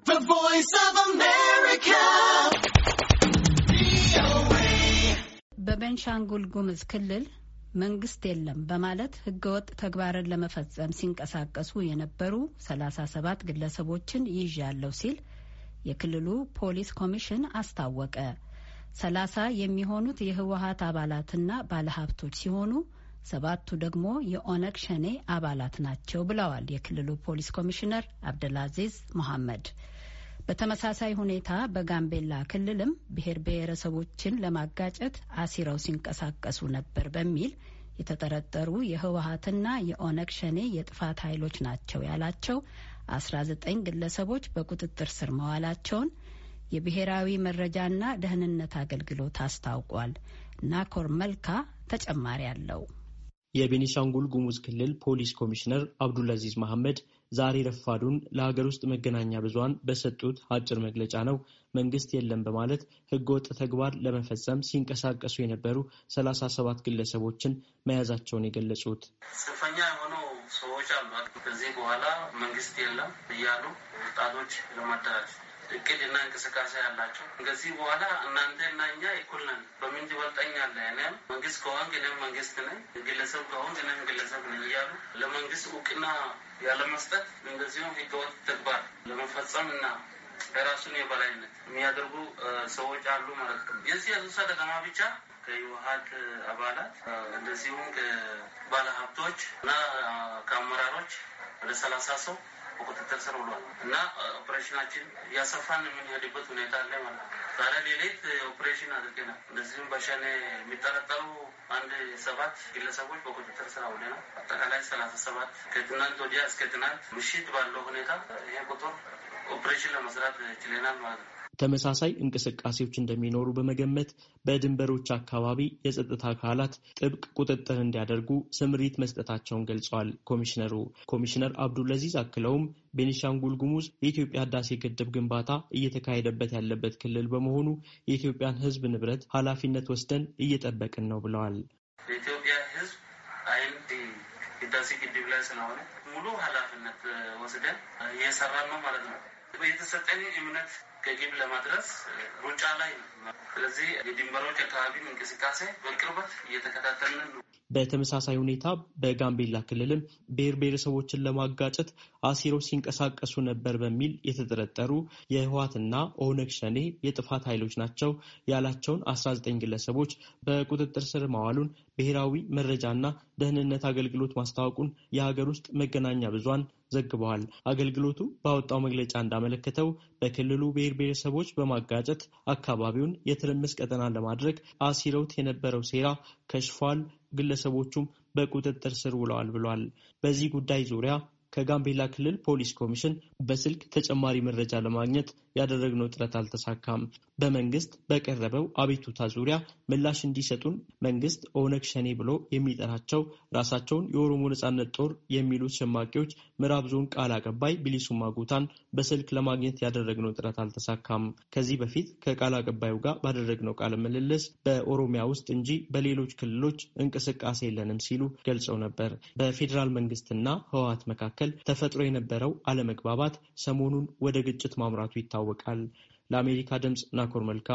The Voice of America. በቤንሻንጉል ጉምዝ ክልል መንግስት የለም በማለት ህገወጥ ተግባርን ለመፈጸም ሲንቀሳቀሱ የነበሩ ሰላሳ ግለሰቦችን ይዣለሁ ሲል የክልሉ ፖሊስ ኮሚሽን አስታወቀ። ሰላሳ የሚሆኑት የህወሀት አባላትና ባለሀብቶች ሲሆኑ ሰባቱ ደግሞ የኦነግ ሸኔ አባላት ናቸው ብለዋል የክልሉ ፖሊስ ኮሚሽነር አብደልአዚዝ መሐመድ። በተመሳሳይ ሁኔታ በጋምቤላ ክልልም ብሔር ብሔረሰቦችን ለማጋጨት አሲረው ሲንቀሳቀሱ ነበር በሚል የተጠረጠሩ የህወሀትና የኦነግ ሸኔ የጥፋት ኃይሎች ናቸው ያላቸው 19 ግለሰቦች በቁጥጥር ስር መዋላቸውን የብሔራዊ መረጃና ደህንነት አገልግሎት አስታውቋል። ናኮር መልካ ተጨማሪ አለው። የቤኒሻንጉል ጉሙዝ ክልል ፖሊስ ኮሚሽነር አብዱልአዚዝ መሐመድ ዛሬ ረፋዱን ለሀገር ውስጥ መገናኛ ብዙሃን በሰጡት አጭር መግለጫ ነው መንግስት የለም በማለት ህገወጥ ተግባር ለመፈጸም ሲንቀሳቀሱ የነበሩ ሰላሳ ሰባት ግለሰቦችን መያዛቸውን የገለጹት ጽንፈኛ የሆኑ ሰዎች አሉ። ከዚህ በኋላ መንግስት የለም እያሉ ወጣቶች ለማደራጀት እቅድ እና እንቅስቃሴ ያላቸው ከዚህ በኋላ እናንተ እና እኛ እኩል ነን። በምን ትበልጠኛለህ? እኔም መንግስት ከሆንክ እኔም መንግስት ነኝ፣ ግለሰብ ከሆንክ እኔም ግለሰብ ነኝ እያሉ ለመንግስት እውቅና ያለመስጠት እንደዚሁም ህገወጥ ተግባር ለመፈጸም እና የራሱን የበላይነት የሚያደርጉ ሰዎች አሉ ማለት ነው። የዚህ የሱሳ ከተማ ብቻ ከህወሀት አባላት እንደዚሁም ከባለሀብቶች እና ከአመራሮች ወደ ሰላሳ ሰው በቁጥጥር ስር ውሏል እና ኦፕሬሽናችን እያሰፋን የምንሄድበት ሁኔታ አለ ማለት ነው። ዛሬ ሌሊት ኦፕሬሽን አድርገናል። እንደዚሁም በሸኔ የሚጠረጠሩ አንድ ሰባት ግለሰቦች በቁጥጥር ስር ነው። አጠቃላይ ሰላሳ ሰባት ከትናንት ወዲያ እስከ ትናንት ምሽት ባለው ሁኔታ ይሄ ቁጥር ኦፕሬሽን ለመስራት ችለናል ማለት ነው። ተመሳሳይ እንቅስቃሴዎች እንደሚኖሩ በመገመት በድንበሮች አካባቢ የጸጥታ አካላት ጥብቅ ቁጥጥር እንዲያደርጉ ስምሪት መስጠታቸውን ገልጸዋል ኮሚሽነሩ። ኮሚሽነር አብዱልአዚዝ አክለውም ቤኒሻንጉል ጉሙዝ የኢትዮጵያ ህዳሴ ግድብ ግንባታ እየተካሄደበት ያለበት ክልል በመሆኑ የኢትዮጵያን ህዝብ ንብረት ኃላፊነት ወስደን እየጠበቅን ነው ብለዋል። የኢትዮጵያ ህዝብ አይንድ ህዳሴ ግድብ ላይ ስለሆነ ሙሉ ኃላፊነት ወስደን እየሰራን ነው ማለት ነው። የተሰጠን እምነት ከግብ ለማድረስ ሩጫ ላይ ነው። ስለዚህ የድንበሮች አካባቢ እንቅስቃሴ በቅርበት እየተከታተልን ነው። በተመሳሳይ ሁኔታ በጋምቤላ ክልልም ብሔር ብሔረሰቦችን ለማጋጨት አሲሮች ሲንቀሳቀሱ ነበር በሚል የተጠረጠሩ የህወሓትና ኦነግ ሸኔ የጥፋት ኃይሎች ናቸው ያላቸውን 19 ግለሰቦች በቁጥጥር ስር ማዋሉን ብሔራዊ መረጃና ደህንነት አገልግሎት ማስታወቁን የሀገር ውስጥ መገናኛ ብዙሃን ዘግበዋል። አገልግሎቱ ባወጣው መግለጫ እንዳመለከተው በክልሉ ብሔር ብሔረሰቦች በማጋጨት አካባቢውን የትርምስ ቀጠና ለማድረግ አሲረውት የነበረው ሴራ ከሽፏል፣ ግለሰቦቹም በቁጥጥር ስር ውለዋል ብሏል። በዚህ ጉዳይ ዙሪያ ከጋምቤላ ክልል ፖሊስ ኮሚሽን በስልክ ተጨማሪ መረጃ ለማግኘት ያደረግነው ጥረት አልተሳካም። በመንግስት በቀረበው አቤቱታ ዙሪያ ምላሽ እንዲሰጡን መንግስት ኦነግ ሸኔ ብሎ የሚጠራቸው ራሳቸውን የኦሮሞ ነጻነት ጦር የሚሉት ሸማቂዎች ምዕራብ ዞን ቃል አቀባይ ቢሊሱማ ጉታን በስልክ ለማግኘት ያደረግነው ጥረት አልተሳካም። ከዚህ በፊት ከቃል አቀባዩ ጋር ባደረግነው ቃለ ምልልስ በኦሮሚያ ውስጥ እንጂ በሌሎች ክልሎች እንቅስቃሴ የለንም ሲሉ ገልጸው ነበር። በፌዴራል መንግስትና ህወሀት መካከል መካከል ተፈጥሮ የነበረው አለመግባባት ሰሞኑን ወደ ግጭት ማምራቱ ይታወቃል። ለአሜሪካ ድምፅ ናኮር መልካ